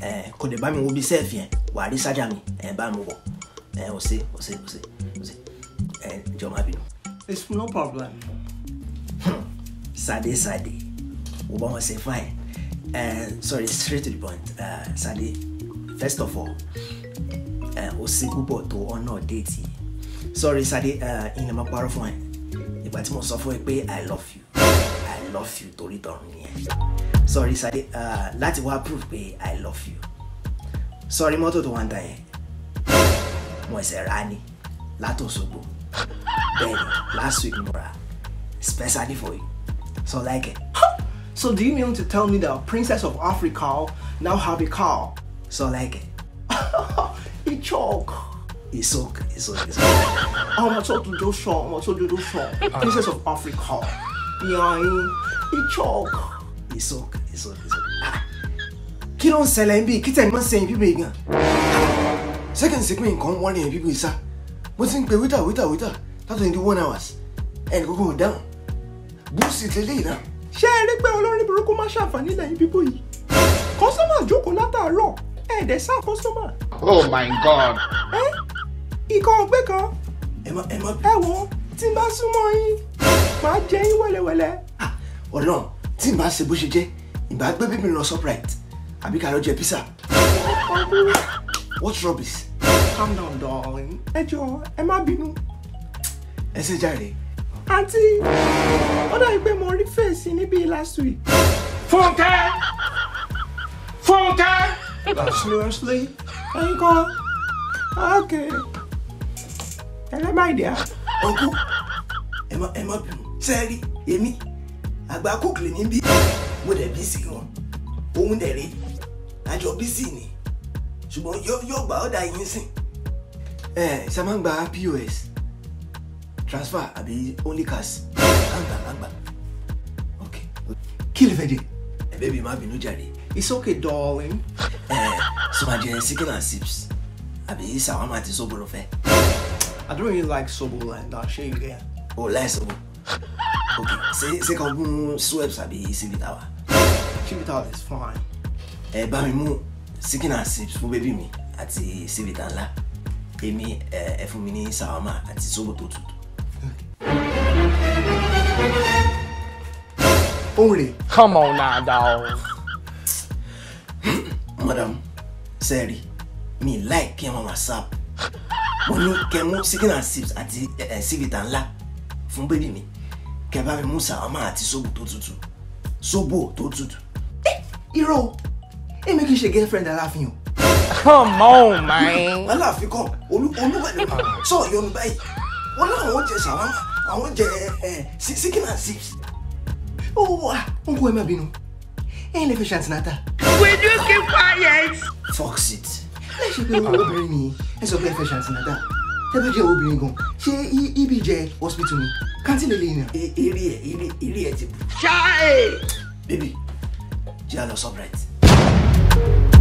ẹ kò dé bá mi wo bí sẹ́ẹ̀fì yẹn wà á rí sájà mi ẹ eh, bá mi wọ̀ ẹ ò sí ò sí ò sí ò sí ẹ jọ má bínú. it's no problem. Hmm. Sade Sade wo bá wọn ṣe fine uh, sorry straight to the point uh, Sade first of all o ṣe púpọ̀ tó ọ̀nà déètì sorry Sade ìyẹn máa parọ́ fún ẹ ìgbà tí mo sọ fún ẹ pé I love you I love you torí tọrùn nìyẹn. sorry Ṣadé uh, láti wá prove pé i love you sorry mọ́tò tó wanda eh. ta yẹn mo ẹsẹ̀ rà á ní látòsogbo last week mo rà specially for you so like it. so do you mean to tell me that princess of africa now have a car. so like it. It choke. It's okay, it's okay, it's okay. ọmọ tó dúdú sọ ọmọ tó dúdú sọ princess of africa Yeah, yín choke. it's okay it's okay it's okay ah kí ló ń ṣẹlẹ̀ ń bí kí tẹ̀mí máa ń sẹ́yìn bíbẹ̀ gan ṣé kí n ṣe pé nǹkan wọ́n ní bíbẹ̀ sá mo ti ń pe wíta wíta wíta láti ní one hours ẹnì kókó ò dáhùn búùsì lélẹ́yìn náà. ṣé ẹ rí pé olórin burúkú máa ṣàǹfààní lẹ́yìn bíbó yìí kọ́sọ́mà oh my god. ẹ he can't kan up. mọ ẹ mọ. ẹ wo tí n bá súnmọ́ wale wale. Ah, or no? tí n bá ṣe bó ṣe jẹ́ ìbá gbé bíbí lọ surprise àbí ká lọ jẹ pizza. what rubbish. calm down darling. ẹ jọ̀ọ́ ẹ má bínú. ẹ ṣe jàre. àǹtí ó dàbí pé mo rí fèsì níbí last week. fúnkẹ́ fúnkẹ́. seriously ẹyin kan ok ẹ lẹ́ máa dì á. ọkọ ẹ má bínú sẹ́ẹ̀rì èmi àgbà cook lè ní bí mo dẹ̀ bí sí wọn òun dẹ̀ rí àjọ bí sí ni ṣùgbọ́n yóò gbà ọ́dà yín sìn. ẹ ṣe máa ń gba pos transfer àbí only cash àgbà àgbà ok kí lè fẹ́ dé. ẹ bẹ́ẹ̀ bí bínú jàre. it's okay darling. ẹ ẹ sọ ma jẹ chicken and chips àbí sàwọn máa ti sóbò lọ fẹ. I don't really like sobo like that, ṣé you get? O láì sóbò ṣé kàn gún swebs àbí cv tower. cv tower is fine. ẹ bá mi mú chicken and chips fún bébí mi àti cv tan ńlá èmi ẹ fún mi ní sàwámà ati sóbò tó tutù. Only. Come on now, dog. Hmm? Madam, Seri, mi like kí ẹ máa máa sáàpù. Mo ní kẹ́ mú chicken and chips àti cv tan ńlá fún bébí mi kẹ bá mi mú sàwámà àti sóbò tó tutù sóbò tó tutù. irọ́ èmi kì í ṣe girlfriend aláfihàn. come on man. aláàfin kan olúbalẹ̀ sọ ìyọnu báyìí wọn láwọn jẹ sàwámà àwọn jẹ chicken and chips. ó wà ń kó ẹ má bínú ẹ lè fẹ́ ṣe antinata. will you keep quiet. fox it. láì ṣe pé obìnrin ni ẹ sọ pé ẹ fẹ́ ṣe antinata tẹ bá jẹ obìnrin gan ṣé EBJ hospital ni kántìn lélẹ yìí e, eré ẹ eré eré ẹ ti bù. ṣáà ẹ. bébì jẹ́ àlọ́ sọ́bìrẹ́tì.